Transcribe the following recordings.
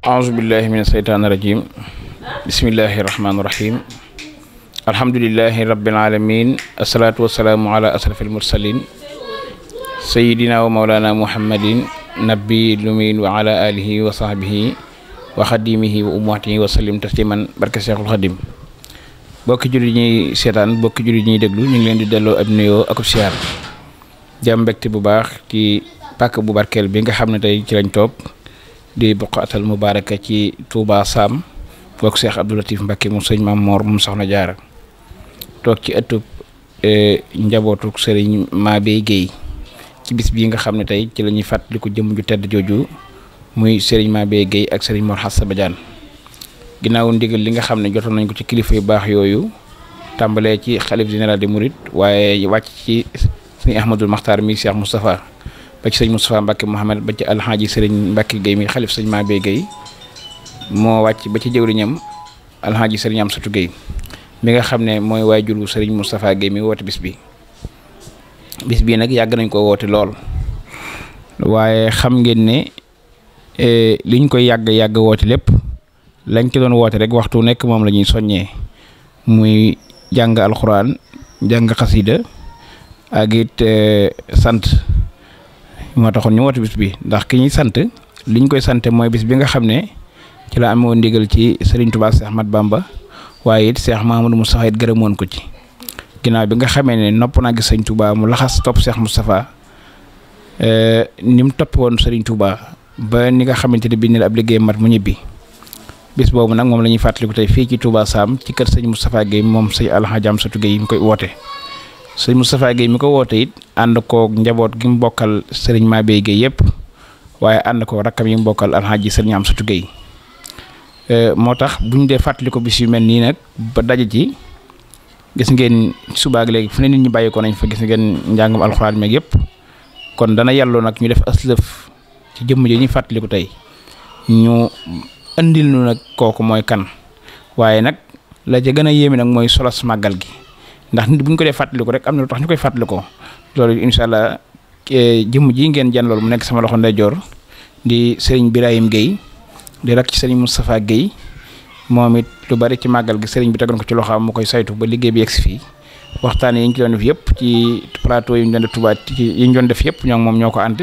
أعوذ بالله من الشيطان الرجيم بسم الله الرحمن الرحيم الحمد لله رب العالمين الصلاة والسلام على أشرف المرسلين سيدنا ومولانا محمد نبي الأمين وعلى آله وصحبه وخديمه وأمواته وسلم تسليما بركة شيخ الخديم بوك jullit ñuy seetaan bokki jullit ني déglu ñu ngi leen di delloo ab nuyoo akub siyaar jàmm mbégte bu baax ci pàkk bu barkeel bi nga xam ne di buqaatal mubaaraka ci Touba Sam bokk Cheikh Abdou Latif Mbacké mu sëñ Maam Moor mu soxna Jaara toog ci ëttub e, njabootuk sëriñ Mabey Guèye ci bis bii nga xam ne tey ci la ñuy fàttaliku jëmm ju tedd jooju muy sëriñ Mabey Guèye ak sëriñ Mor Xassa Badiane ginnaaw ndigal li nga xam ne jotoon nañ ko ci kilifa yu baax yooyu tàmbalee ci xalif général de Mouride waaye wàcc ci sëriñ Ahmadul Maxtaar mi Cheikh Moustapha ba ci sëñ Moustapha Mbacke Mouhamed ba ci alxaaji sëriñ Mbacke Guèye mi xalif sëñ Mabé Guèye moo wàcc ba ci jëwriñam alxaaji sëriñam Amsatou Guèye mi nga xam ne mooy waajuru sëriñ Moustapha Guèye mi woote bis bi bis bii nag yàgg nañ ko woote lool waaye xam ngeen ne e, liñ koy yàgg yàgg woote lépp lañ ci doon woote rek waxtu nekk moom la ñuy soññee muy jàng alxuraan jàng xasida ak e, sant. moo taxone ñu woote bis bi ndax ki ñi sante liñ koy sante moy bis bi nga xamne ci la amoon ndigal ci Serigne Touba Cheikh Ahmad Bamba waye it Cheikh Mahamadou Moustapha it gërëmoon ko ci ginaaw bi nga xamé ne nopp naa gis Serigne Touba mu laxas top Cheikh Moustapha euh nim top won Serigne Touba ba ni nga xamante ne bii nii ab liggéey mat mu ñibbi bis bobu nak mom lañuy fatali ko tay fi ci Touba Sam ci kër serigne Moustapha gey mom serigne alhadjam Amsatou Guèye yi koy woote. sëñ Moustapha Guèye mi ko woote it ànd kook njaboot gi mu bokkal sëriñ Mabey Guèye yëpp waaye ànd koog rakkam yi mu bokkal alxaaji sëriñ sutu géey euh, moo tax bu ñu dee fàttali ko bis yu mel nii nag ba daje ci gis ngeen subaak léegi fu ne nit ñi bàyyi ko nañ fa gis ngeen njàngam alxuraan meeg yépp kon dana yàlloo nag ñu def aslëf ci jëmm ji ñu fàttaliku tey ñu andil nag kooku mooy kan waaye nag la ca gën a yéeme nag mooy solos màggal gi. ndax nit buñ ñu ko dee fàttaliku rek am na lu tax ñu koy fàttalikoo loolu incha allah jëmm ji ngeen jan loolu mu nekk sama loxo ndeyjoor di sëriñ Birahim Guèye di rak ci sëriñ Moustapha Guèye moom it lu bari ci màggal gi sëriñ bi tegoon ko ci loxoom mu koy saytu ba liggéey bi yegg si fii waxtaan yi ñu ci doon def yëpp ci plateau yi ñu doon def Touba ci yi ñu doon def yëpp ñoo moom ñoo ko ànd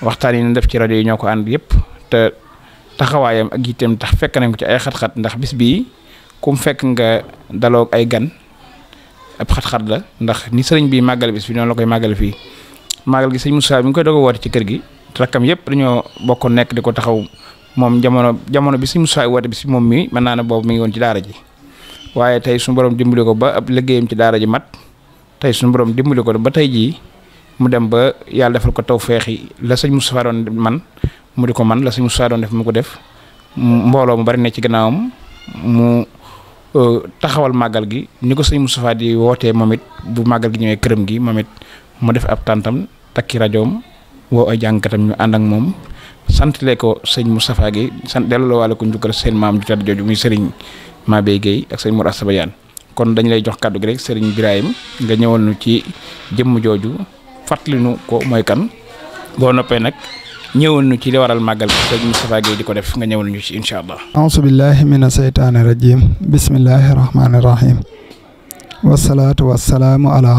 waxtaan yi ñu def ci rajo yi ñoo ko ànd yëpp te taxawaayam ak itam tax fekk nañ ko ci ay xat-xat ndax bis bii kum fekk nga daloo ay gan ab xat-xat la ndax ni serigne bi magal bis bi non la koy magal fi magal gi serigne Moussa bi mu koy dogo a ci kër gi rakam yépp dañoo bokkoon nek diko ko taxaw mom jamono jamono bi serigne Moussa woote bis bi moom mii mën naa mi ngi won ci daara ji waye tay suñu borom dimbali ko ba ab liggéeyam ci daara ji mat tay suñu borom dimbali ko ba tay ji mu dem ba yalla defal ko taw la serigne Moussa don man mu diko ko man la serigne Moussa don def mu ko def mbolo mu bari ne ci gannaawam mu taxawal màggal gi ni ko sëñ Moustapha di wootee moom bu màggal gi ñëwee këram gi moom it mu def ab tàntam takki rajoom woo ay jàngkatam ñu ànd ak moom santale ko sëñ Moustapha gi sant delloo waale ko njukkal seen maam ju tedd jooju muy sëriñ Mabey Guèye ak sëñ Mor Asta Badiane kon dañ lay jox kàddu gi rek sëriñ Birahim nga ñëwal nu ci jëmm jooju fàttali nu ko mooy kan boo noppee nag. ñëwal ñu ci li waral màggal sëñ Moustapha ko def nga ñëwal ñu ci allah. auzu billahi mina seytaani rajim bismillahi rahmaani rahim. wasalaatu wasalaamu ala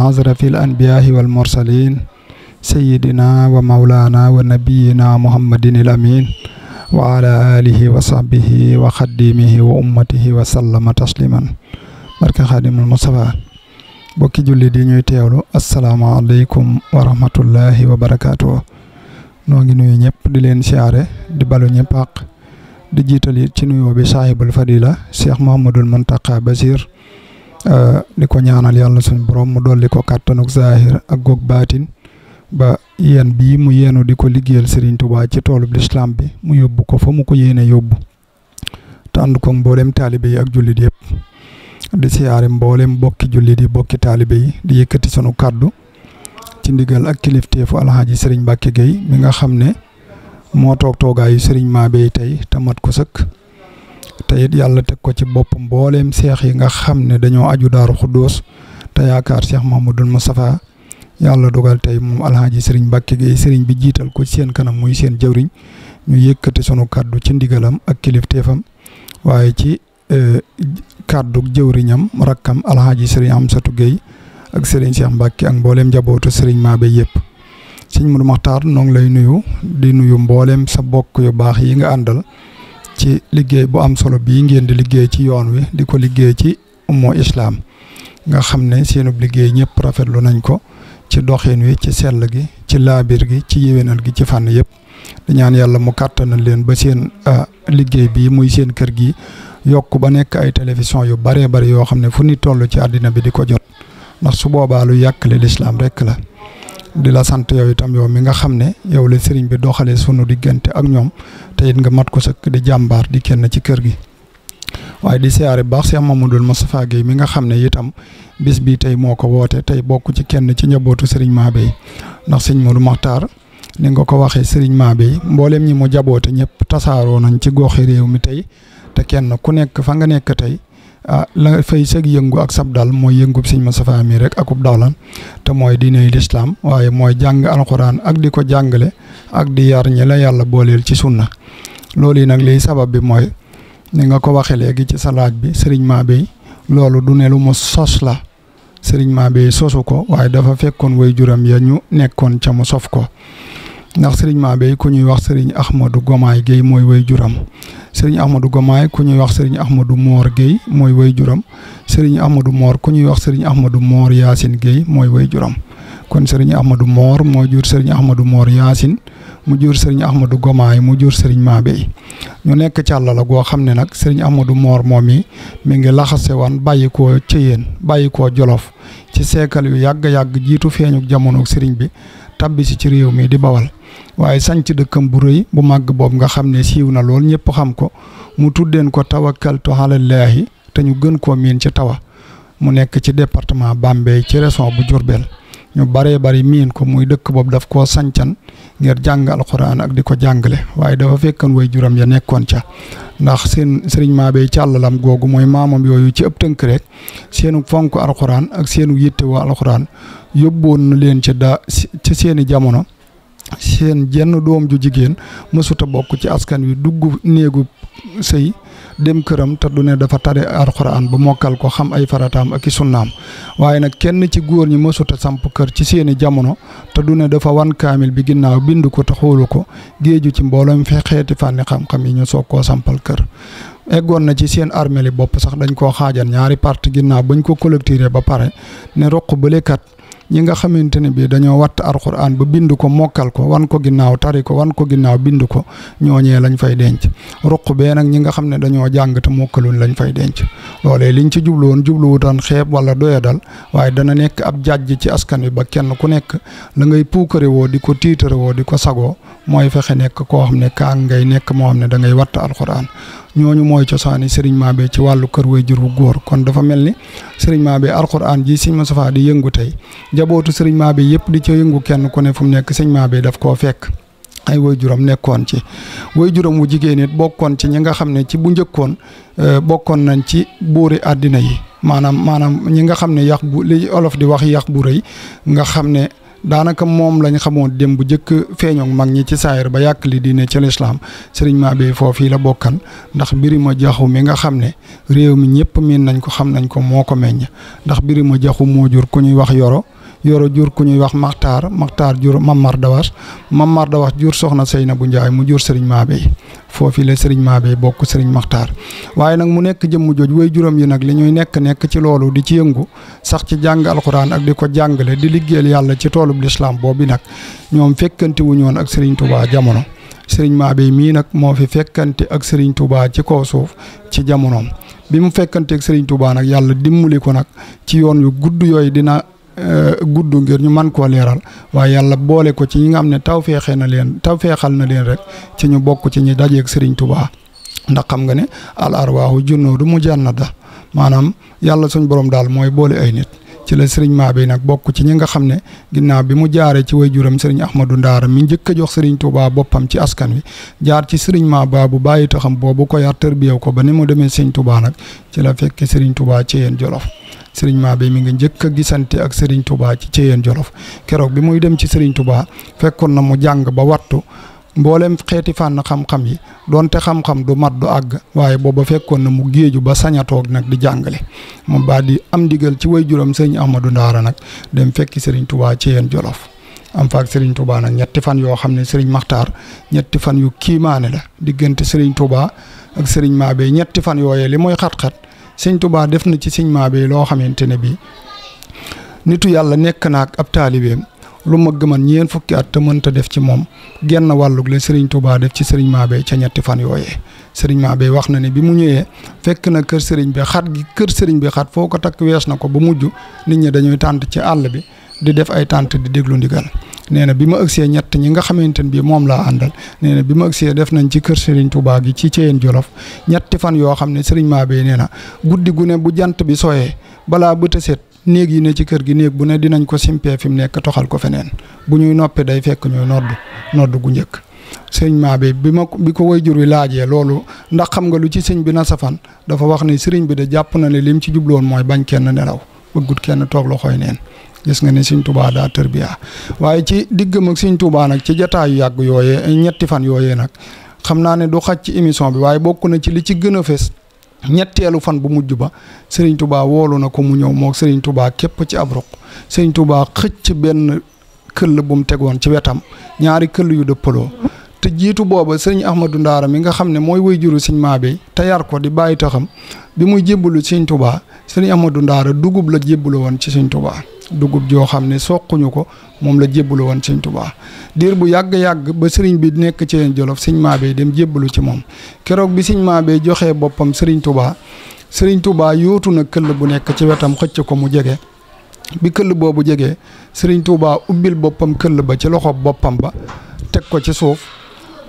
alihi wa sahbihi wa xaddimihi wa ummatihi wa sallama tasliman barka xaadimul Mustafa bokki julli di ñuy teewlu asalaamaaleykum wa rahmatullahi wa barakaatu no ngi nuyu ñep di leen siaré di balu ñep ak di jiital ci nuyu bi sahibul fadila Cheikh mohammedul muntaka Basir euh, di ko ñaanal yalla suñu borom mu doli ko kàttanuk zahir ak gog batin ba yeen bi mu yeenu di ko liggeel Serigne Touba ci toolub lislaam bi mu yobbu ko fa mu ko yene yobbu tandu ko mbolem taalibe ak jullit yep di siaré mbolem bokki jullit yi bokki taalibe yi di yëkëti sunu kaddu ci ndigal ak teefu alxaaji sëriñ Mbacke géey mi nga xam ne moo toog toogaayu sëriñ Mabéye tey te mat ko sëkk te it yàlla teg ko ci bopp mbooleem seex yi nga xam ne dañoo aju daaru xuddoos te yaakaar seex Cheikh Mouhamadoul Moustapha yàlla dogal tey moom alxaaji sëriñ Mbacke Gueye sëriñ bi jiital ko ci seen kanam muy seen jawriñ ñu yëkkati sunu kàddu ci ndigalam ak kilifteefam waaye ci eh, kàddu jëwriñam rakkam alxaaji sëriñ Amsatou Gueye ak Serigne Cheikh Mbacke ak mbollem sering Serigne mabey yep serigne Modou Makhtar lay nuyu di nuyu mbollem sa bokk yu bax yi nga andal ci liggey bu am solo bi ngeen di liggey ci yoon wi di ko ci ummo islam nga xamne ne liggey liggéey rafet lu nañ ko ci doxin wi ci sel gi ci labir gi ci yewenal gi ci fan yep di ñaan yalla mu kàttanal leen ba seen liggey bi muy seen kër gi yokk ba nek ay television yu bare bare yo xamne fu ni tollu ci adina bi diko ko jot ndax su boobaa lu yàqale lislaam rek la di la sant yow itam yow mi nga xam ne yow la sëriñ bi doxalee sunu diggante ak ñoom te it nga mat ko sëkk di jàmbaar di kenn ci kër gi. waaye di siyaare baax Cheikh Mamadou Moustapha Guèye mi nga xam ne itam bis bi tey moo ko woote tey bokk ci kenn ci njabootu sëriñ Mabéye ndax sëñ Modou Makhtar ni nga ko waxee sëriñ Mabéye mbooleem ñi mu jaboote ñëpp tasaaroo nañ ci goxi réew mi tey te kenn ku nekk fa nga nekk tey. ah la fay sëg yëngu ak sab dal mooy yëngub sëñ Moustapha mi rek akub dawlan te mooy diiney lislaam waaye mooy jàng alxuraan ak di ko jàngale ak di yar ñi la yàlla booleel ci sunna loolu yi nag liy sabab bi mooy ni nga ko waxee léegi ci sa laaj bi sëriñ Mabéye loolu du ne lu mu sos la sëriñ Mabéye sosu ko waaye dafa fekkoon way juram ya ñu nekkoon ca mu sof ko ndax sëriñ bey ku ñuy wax sëriñ Ahmadou Gomaay Guèye mooy way juram sëriñ Ahmadou Gomaay ku ñuy wax sëriñ Ahmadou Moor Guèye mooy way juram sëriñ Ahmadou Moor ku ñuy wax sëriñ Ahmadou Moor Yaasin Guèye mooy way juram kon sëriñ Ahmadou Moor moo jur sëriñ Ahmadou Moor Yaasin mu jur sëriñ Ahmadou Gomaay mu jur sëriñ Mabey ñu nekk càlla la goo xam ne nag sëriñ Ahmadou Moor moom mi mi ngi laxase woon bàyyi koo Ceyeen bàyyi koo Jolof ci seekal yu yàgg-yàgg jiitu feeñu jamono sëriñ bi tabbi si ci réew mii di bawal waaye sanc dëkkam bu rëy bu màgg boobu nga xam ne siiw na lool ñëpp xam ko mu tuddeen ko tawakkaltu alallaahi te ñu gën koo miin ci tawa mu nekk ci département Bambey ci région bu Diourbel ñu baree bari miin ko muy dëkk boobu daf koo sancan ngir jàng alxuraan ak di ko jàngale waaye dafa fekkan way juróom ya nekkoon ca ndax seen sëriñ Mabey càllalam googu mooy maamam yooyu ci ëpp tënk rek seenu fonk alxuraan ak seenu yitte woo alxuraan yóbboon na leen ci daa ci seeni jamono seen jenn doom ju jigéen mësuta bokk ci askan wi dugg néegu sëy dem këram te du ne dafa tari alxuraan ba mokkal ko xam ay farataam ak i sunnaam waaye nag kenn ci góor ñi mësuta samp kër ci seeni jamono te du ne dafa wan kaamil bi ginnaaw bind ko te xoolu ko géeju ci mbooloom fi xeeti fànni xam-xam yi ñu soog koo sampal kër eggoon na ci seen armeel yi bopp sax dañ koo xaajal ñaari parti ginnaaw bañ ko collecté ba pare ne roq bële kat ñi nga xamante ne bii dañoo watt alxuraan ba bind ko mokkal ko wan ko ginnaaw tari ko wan ko ginnaaw bind ko ñooñee lañ fay denc ruq bee nag ñi nga xam ne dañoo jàng te mokkaluñ lañ fay denc loolee liñ ci jubluwoon jubluwutaan xeeb wala dal waaye dana nekk ab jàjj ci askan wi ba kenn ku nekk la ngay puukare woo di ko tiitare woo di ko sagoo mooy fexe nekk koo xam ne kaan ngay nekk moo xam ne dangay ngay watt alxuraan ñooñu mooy cosaani Serigne Mabé ci wàllu kër jur bu góor kon dafa mel ni Serigne Mabé alxuraan ji Serigne Moustapha di yëngu tey jabootu Serigne Mabé yëpp di ca yëngu kenn ku ne fu mu nekk Serigne Mabé daf koo fekk. ay juróom nekkoon ci juróom wu jigéen bokkoon ci ñi nga xam ne ci bu njëkkoon euh, bokkoon nañ ci buuri àddina yi maanaam maanaam ñi nga xam ne yàq bu li olof di wax yàq bu rëy nga xam ne. daanaka moom lañ xamoon dem bu njëkk feeñoo mag ñi ci saayir ba yàq li diine ci lislaam sëriñ Mabé foofii la bokkan ndax Birima Jaxu mi nga xam ne réew mi ñëpp miin nañ ko xam nañ ko moo ko meññ ndax Birima Jaxu moo jur ku ñuy wax yoro yoro jur ku ñuy wax maxtaar maxtaar jur Mamar Dawas Mamar Dawas jur soxna Seyna bu Njaay mu jur sëriñ Mabé foofi la sëriñ Mabé bokk sëriñ Maxtaar waaye nag mu nekk jëmm jooj way juróom yi nag li ñuy nekk nekk ci loolu di ci yëngu sax ci jàng alxuraan ak di ko jàngale di liggéeyal yàlla ci toolub lislaam boobu nag ñoom fekkante wu ñoon ak sëriñ Touba jamono. sëriñ Mabé mii nag moo fi fekkante ak sëriñ Touba ci kaw suuf ci jamonoom bi mu fekkanteeg sëriñ Touba nag yàlla dimbali ko nag ci yoon yu gudd yooyu dina. Euh, gudd ngir ñu man koo leeral waaye yàlla boole ko ci ñi nga xam ne taw feexee na leen taw feexal na leen rek ci ñu bokk ci ñi dajeeg Serigne Touba ndax xam nga ne al arwaahu junnoodu mu jànnada maanaam yàlla suñ borom daal mooy boole ay nit. ci la sëriñ bi nag bokk ci ñi nga xam ne ginnaaw bi mu jaaree ci waajuram sëriñ Ahmadou Ndaara mi njëkk a jox sëriñ Touba boppam ci askan wi jaar ci sëriñ baa bu bàyyi taxam boobu ko yar tërbiyew ko ba ni mu demee sëriñ Touba nag ci la fekkee sëriñ Touba ci yéen Jolof sëriñ bi mi ngi njëkk a gisante ak sëriñ Touba ci ci Thiéyène Jolof keroog bi muy dem ci sëriñ Touba fekkoon na mu jàng ba wattu mboolem xeeti fànn xam-xam yi donte xam-xam du mat du àgg waaye booba fekkoon na mu géeju ba sañ toog nag di jàngale moom baa di am ndigal ci way juróom sëñ Amadou Ndaara nag dem fekki Serigne Touba ci yéen Jolof am faak Serigne Touba nag ñetti fan yoo xam ne Serigne Makhtar ñetti fan yu kiimaane la diggante Serigne Touba ak Serigne Mabé ñetti fan yooyee li mooy xat-xat sëñ Touba def na ci sëñ Mabé loo xamante ne bii nitu yàlla nekk naag ab taalibeem lu ma gëman ñeen fukki at te mënta def ci moom genn wàllug la Serigne Touba def ci Serigne Mabé ca ñetti fan yooyee Serigne Mabé wax na ne bi mu ñëwee fekk na kër Serigne bi xat gi kër Serigne bi xat foo ko takk wees na ko ba mujj nit ñi dañuy tànt ci àll bi di def ay tànt di déglu ndigal nee na bi ma ëgsee ñett ñi nga xamante ne bii moom laa àndal nee na bi ma ëgsee def nañ ci kër Serigne Touba gi ci Thièyène Jolof ñetti fan yoo xam ne Serigne Mabé nee na guddi gu ne bu jant bi sooyee balaa bët a set néeg yi ne ci kër gi néeg bu ne dinañ ko simpee fi mu nekk toxal ko feneen bu ñuy noppee day fekk ñuy nodd nodd gu njëkk. sëñ maa bi bi ma bi ko way jur wi laajee loolu ndax xam nga lu ci sëñ bi na fan dafa wax ni sëriñ bi de jàpp na ne lim ci jubloon mooy bañ kenn nelaw bëggut kenn toog la xooy neen gis nga ni sëñ Tuubaa daa tërbiya waaye ci diggam ak sëñ Tuubaa nag ci jataayu yàgg yooyee ñetti fan yooyee nag xam naa ne du xaj ci émission bi waaye bokk na ci li ci gën a fës ñetteelu fan bu mujj ba Serigne Touba woolu na ko mu ñëw moo Serigne Touba képp ci ab ruq Serigne Touba xëcc benn këll bu mu tegoon ci wetam ñaari këll yu dëppaloo te jiitu booba sëriñ Ahmadou Ndaara mi nga xam ne mooy way juru sëriñ Maabe te yar ko di bàyyi xam bi muy jébbalu sëriñ Touba sëriñ Ahmadou Ndaara dugub la jébbalu woon ci sëriñ Touba dugub joo xam ne soquñu ko moom la jébbalu woon sëriñ Touba diir bu yàgg-yàgg ba sëriñ bi nekk ci leen Jolof sëriñ Maabe dem jébbalu ci moom keroog bi sëriñ Maabe joxee boppam sëriñ Touba sëriñ Touba yootu na këll bu nekk ci wetam xëcc ko mu jege bi këll boobu jegee sëriñ Touba ubbil boppam këll ba ci loxo boppam ba teg ko ci suuf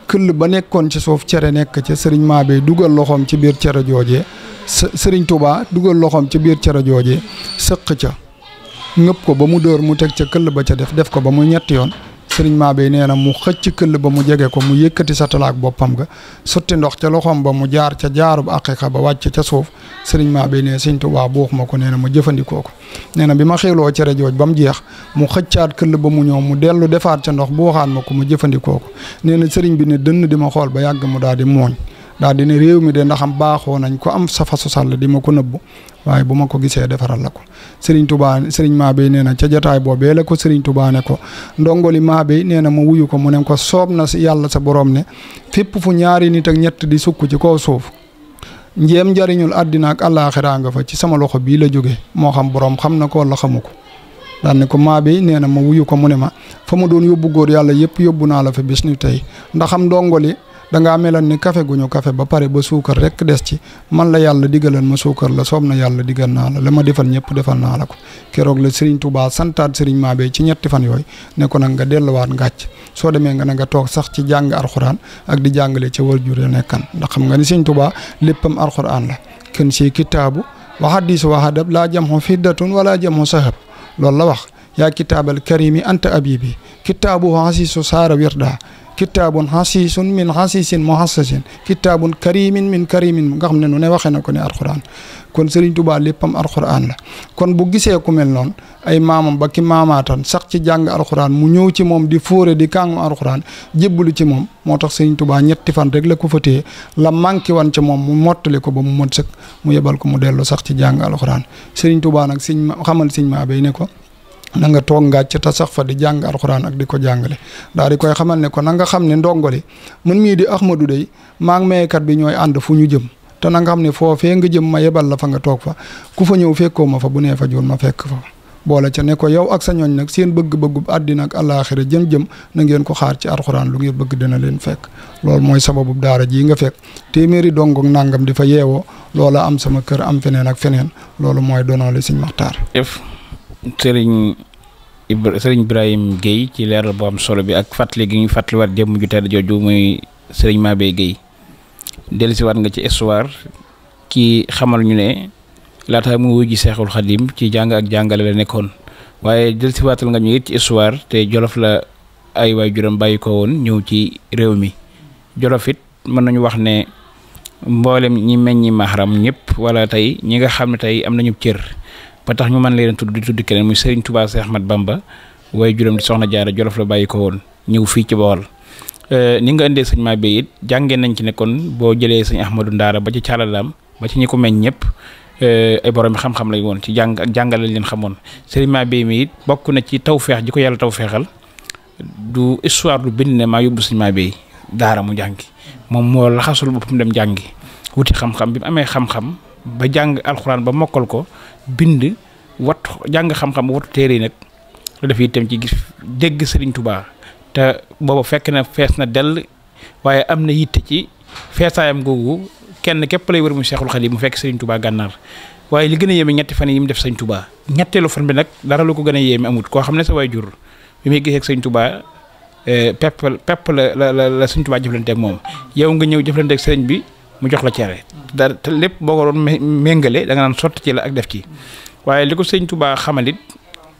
këll ba nekkoon ci suuf cere nekk ca sëriñ Mabé dugal loxoom ci biir cere jooje sëriñ tubaa dugal loxoom ci biir cere jooje sëq ca ngëpp ko ba mu dóor mu teg ca këll ba ca def def ko ba muy ñetti yoon sëriñ Mabey nee na mu xëcc këll ba mu jege ko mu yëkkati sa satalaak boppam ga sotti ndox ca loxoom ba mu jaar ca jaarub aqiqa ba wàcc ca suuf sëriñ Mabey nee sëriñ waa buux ma ko nee na ma jëfandikoo ko nee na bi ma xiiloo cere jooj ba mu jeex mu xëccaat këll ba mu ñëw mu dellu defaat ca ndox buuxaat ma ko ma jëfandikoo ko nee na sëriñ bi ne dënn di ma xool ba yàgg mu daal di mooñ daal di ne réew mi de ndaxam baaxoo nañ ko am sa fasu sàll di ma ko nëbbu waaye bu ma ko gisee defaral la ko Serigne Touba Serigne Mabé nee na ca jotaay boobee la ko Serigne ne ko ndongoli Mabé nee na ma ko mu ne ko soob na si yàlla sa borom ne fépp fu ñaari nit ak ñett di sukk ci kaw suuf. njéem njariñul àddina ak àllaaxira ci sama loxo bii la jóge moo xam borom xam na ko wala xamu ko daan ko maa bi nee na ma wuyu ko mu ne ma fa ma doon yóbbu góor yàlla yëpp yóbbu naa la fa bis ni tey ndaxam ndongoli dangaa meloon ni kafe gu kafe ba pare ba suukar rek des ci man la yàlla diggalan ma suukar la soob na yàlla diggal naa la la ma defal ñëpp defal naa la ko keroog la Serigne Touba santaat maa Mabé ci ñetti fan yooyu ne ko nag nga delluwaat ngàcc soo demee nga ne nga toog sax ci jàng arxuraan ak di jàngale ci wal jure nekkan ndax xam nga ni Serigne Touba léppam arxuraan la kenn si kitaabu wa hadis wa hadab laa jamxu fiddatun wala jamxu sahab loolu la wax yaa kitaabal karimi anta abibi kitaabu hasisu saara wirda kitaabun xasiisun min xasiisin muxassasin kitaabun karimin min karimin nga xam ne nu ne waxee na ko ne alxuraan kon Serigne Touba léppam alxuraan la kon bu gisee ku mel noonu ay maamam ba ki maamaatan sax ci jàng alxuraan mu ñëw ci moom di foore di kàngu alxuraan jébbalu ci moom moo tax Serigne Touba ñetti fan rek la ko fa téye la manqué wan ca moom mu mottali ko ba mu mot sëkk mu yebal ko mu dellu sax ci jàng alxuraan Serigne Touba nag siñ xamal siñ maa bay ne ko. na nga tok ngàcc te sax fa di jang alquran ak di ko jàngale daal di koy xamal ne ko na nga xamne ne ndongole mun mi di Ahmadou day ma ngi mayekat bi ñoy and fu ñu jëm te na nga xamne ne foofee nga jëm ma yebal la fa nga tok fa ku fa ñëw fekkoo ma fa bu ne fa joon ma fekk fa ca ne ko yow ak sa ñoon nak seen bëgg bëgg adina ak alakhir jëm-jëm na ngeen ko xaar ci alquran lu ngeen bëgg dina leen fekk lool moy sababu daara ji nga fekk téméri dong ak nangam di fa loola am sama kër am fenen ak fenen loolu donolé seigne Ibra sëriñ Ibrahim géey ci leeral bu am solo bi ak fàttali gi ñu fàttaliwaat jëmm ju tedd jooju muy sëriñ Mabé Guèye dellusiwaat nga ci histoire ki xamal ñu ne laata mu wuy ji seexul xadim ci jàng ak jàngale la nekkoon waaye dellusiwaatal nga ñu it ci histoire te jolof la ay waay juróom bàyyi ko woon ñëw ci réew mi jolofit mën nañu wax ne mboolem ñi meññi maxaram ñëpp wala tey ñi nga xam ne tey am nañu cër. ba tax ñu mën leen tudd di tudd keneen muy Serigne Touba Cheikh Ahmad Bamba waaye juróom di soxna jaara jolof la bàyyi ko woon ñëw fii ci Bawol euh, ni nga indee sëñ Mabé it jàngee nañ ci nekkoon boo jëlee sëñ Ahmadou Ndaara ba ci caalalaam ba ci ñi ko meñ ñëpp euh, ay borom xam-xam lañ woon ci jàng ak jàngale lañ leen xamoon sëñ Mabé mi it bokk na ci tawféex ji ko yàlla tawféexal du histoire du bind ne maa yóbbu sëñ Mabé Daara mu jàngi moom moo laxasul boppam dem jàngi wuti xam-xam bi amee xam ba jàng alxuraan ba mokkal ko bind wat jàng xam-xam watu téere yi nag lu def itam ci gis dégg Sëriñ tubaa te booba fekk na fees na dell waaye am na yitte ci feesaayam googu kenn képp lay wër mu Seexul Xadiim mu fekk Sëriñ Tuubaa gànnaar waaye li gën a yéeme ñetti fan yi mu def Sëriñ Tuubaa ñetteelu fan bi nag dara lu ko gën a yéeme amut koo xam ne sa waajur bi muy gisee ak Sëriñ Tuubaa eh, pepp pepp la la la Sëriñ Tuubaa moom yow nga ñëw jëflante ak sëriñ bi mu jox la cere. da te lépp boo ko roon méngale da nga naan sotti ci la ak def ci waaye li ko sëñ Touba xamalit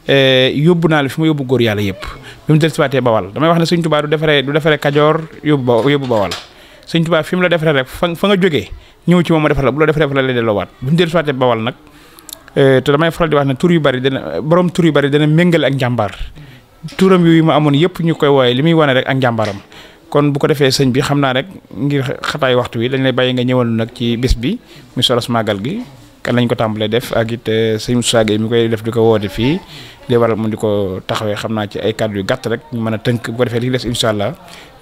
eh, yóbbu naa la fi ma yóbbu góor yàlla yëpp bi mu dellusiwaatee bawal damay wax ne sëñ Touba du defaree du defaree kajoor yóbbu ba bawal sëñ Touba fi mu la defaree rek fa nga jógee ñëw ci moom ma defar la bu la la lay delloowaat bi mu dellusiwaatee bawal nag eh, te damay faral di wax ne tur yu bari dana borom tur yu bari dana méngale ak njàmbaar turam yooyu ma amoon yëpp ñu koy wooye li muy wane rek ak njàmbaaram kon bu ko defee sëñ bi xam naa rek ngir xataay waxtu wi dañ lay bàyyi nga ñëwal nag ci bés bi muy solos màggal gi kan lañ ko tàmbalee def ak it eh, sëñ Moussa Gueye mi koy def di ko woote fii li waral mu di ko taxawee xam naa ci ay kàddu yu gàtt rek ñu mën a tënk bu ko defee li des incha allah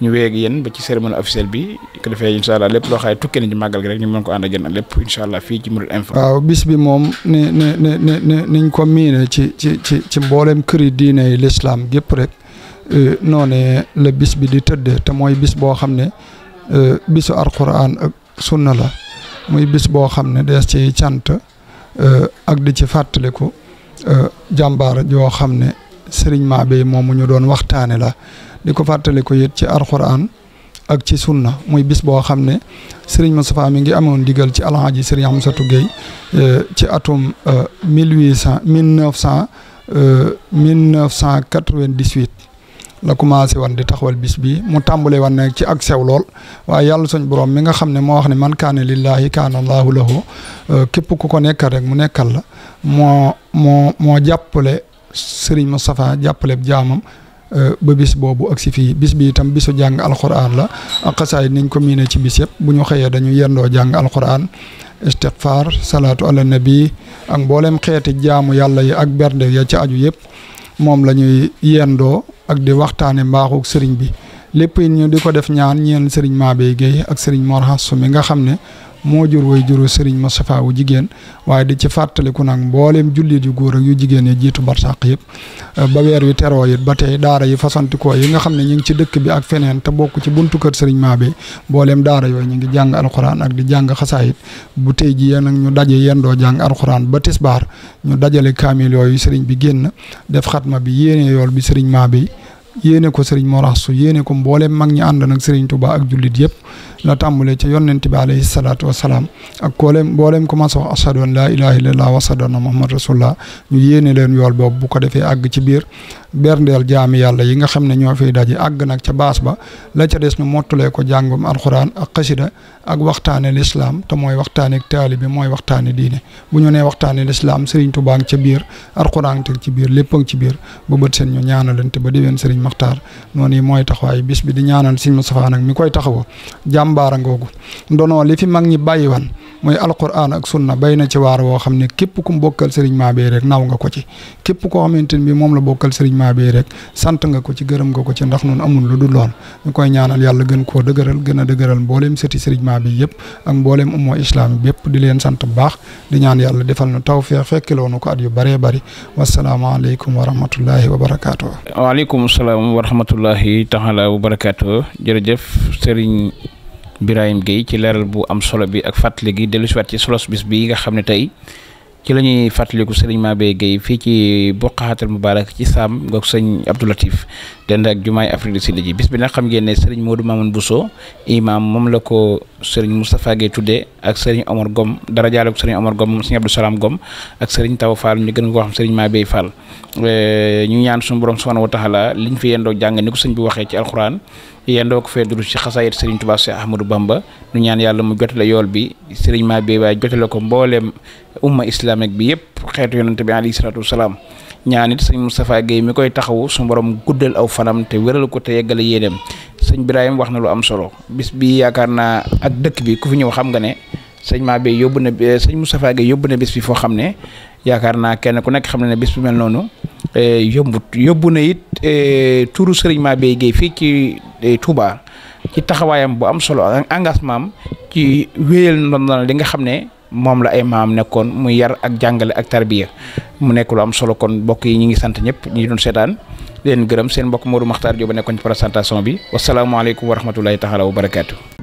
ñu wéyeeg yéen ba ci cérémonie officielle bi ko defee incha allah lépp loo xaay tukkee na ci màggal gi rek ñu mën ko ànd ak yéen lépp incha allah fii ci Mourides Info waaw bis bi moom ne ne ne ne niñ ko miine ci ci ci ci mboolem këri diine yi l'islam gépp rek. Euh, noonee la bis bi di tëddee te mooy bis boo xam ne euh, bisu alquran ak sunna la muy bis boo xam ne dees ci cant euh, ak di ci fàttaliku jàmbaar joo xam ne sëriñ Mabéye moom ñu doon waxtaane la di ko fàttaliku yit ci alquran ak ci sunna muy bis boo xam ne ma Moustapha mi ngi amoon digal ci alhaji sëriñ Amsatou Gueye ci atum mille mille neuf cent mille neuf cent quatre-vingt-dix-huit la commencé wan di taxawal bis bi mu tàmbale wan nag ci ak sew lool waaye yàlla suñ borom mi nga xam ne moo wax ne man kaana lillahi kaana allahu lahu euh, képp ku ko nekkal rek mu nekkal la moo moo moo jàppale sëriñ Serigne Moustapha jàppale jaamam euh, ba bis boobu ak si fii bis bi itam bisu jàng alquran la ak xasaay niñ ko miine ci bis yëpp bu ñu xëyee dañu yendoo jàng alquran istighfar salaatu ala nabi ak mbooleem xeeti jaamu yàlla yi ak berde ya ci aju yëpp moom la ñuy yendoo ak di waxtaane mbaaxu sëriñ bi lépp it ñu di ko def ñaan ñeel sëriñ Mabey Guèye ak sëriñ Mor Hassou mi nga xam ne moo jur way juru Serigne Moustapha wu jigéen waaye di ci fàttaliku nag mbooleem jullit yu góor ak yu jigéen yi jiitu barsàq yëpp euh, ba weer wi teroo ba tey daara yi fasantikoo yi nga xam ne ñu ngi ci dëkk bi ak feneen te bokk ci buntu kër Serigne Mabé mbooleem daara yooyu ñu ngi jàng alxuraan ak di jàng xasaayit bu tey ji nag ñu daje yendoo jàng alxuraan ba tisbaar ñu dajale kaamil yooyu Serigne bi génn def xatma bi yéene yool bi Serigne Mabé yéene ko sëriñ su yéene ko mboole mag ñi ànd nag sëriñ Tuubaa ak jullit yëpp la tàmbale ca yonent bi alayhi salaatu wasalaam ak koolem mbooleem ko mas wax ashadu an laa ilaaha illallah wa ashadu anna muhammad rasulullah ñu yéene leen yool boobu bu ko defee àgg ci biir berndel jam yalla yi nga xamne ño ñoo fiy ag nak ca ba la ca dess ñu mottulee ko jangum alquran ak qasida ak waxtane l'islam to moy waxtane ak talib moy waxtane diine bu ñu nee waxtane l'islam serigne touba ci bir alquran tek ci bir lepp ci bir bu beut sen ñu ñaanalante ba di wen serigne makhtar noni moy taxaway bis bi di ñaanal serigne mustafa nak mi koy taxawoo jàmbaara ngogu ndono li fi mag ñi bayyi wan moy alquran ak sunna bayina ci war wo xamne kep ku mbokal serigne mabey rek naw nga ko ci kep ko xamanteni bi mom la bokkal serigne événement bi rek sant nga ko ci gërëm nga ko ci ndax noonu amul lu dul lool ñu koy ñaanal yàlla gën koo dëgëral gën a dëgëral mbooleem sëti sëriñ bi yëpp ak mbooleem umma islam bi di leen sant bu baax di ñaan yàlla defal nu tawfeex fekkiloo nu ko at yu bëree bëri wasalaamaaleykum wa rahmatullahi wa barakaatu waaleykum salaam wa rahmatullahi taala wa barakaatu jërëjëf sëriñ Birahim Gueye ci leeral bu am solo bi ak fàttali gi dellusiwaat ci solos bis bi nga xam ci la ñuy fàttaliku sëriñ Mabé Guèye fii ci mu Mubaarak ci Saam ngoog sëñ Abdou Latif dend ak jumaay Afrique du Sud ji bis bi nag xam ngeen ne sëriñ Modou Mamoun Bousso imam moom la ko sëriñ Moustapha Guèye tuddee ak sëriñ omor Gom dara jaale ko sëriñ Omar Gom moom sëriñ Abdou Salam Gom ak sëriñ Taw faal ñu gën koo xam sëriñ Mabé Fall ñu ñaan suñu borom subhanahu wa taala liñ fi yendoo jàng ni ko sëñ bu waxee ci alxuraan yendoo ko fee durus ci xasaayit Serigne Touba Cheikh Ahmadou Bamba nu ñaan yàlla mu la yool bi Serigne Mabé waaye la ko mbooleem umma islamique bi yépp xeetu yonante bi alayhi salaatu wasalaam ñaan it sëñ Moustapha Guèye mi koy taxawu su borom guddal aw fanam te wéral ko te yeggale yéeneem sëñ Birahim wax na lu am solo bis bi yaakaar naa ak dëkk bi ku fi ñëw xam nga ne sëñ Mabé yóbbu na sëñ Moustapha Guèye yóbbu na bis bi foo xam ne yaakaar naa kenn ku nekk xam na ne bis mel noonu Eh, yombut yóbbu na it eh, turu sëriñ Mabeye Guèye fii ci eh, Touba ci taxawaayam bu am solo ak engagement am ci wéyal na li nga xam ne moom la ay maam nekkoon mu yar ak jàngale ak tarbiya mu nekk lu am solo kon mbokk yi ñu ngi sant ñëpp ñu doon seetaan leen gërëm seen mbokk Modou Makhtar Diop nekkoon ci présentation bi wasalaamaaleykum wa rahmatulahi taala wa barakaatu.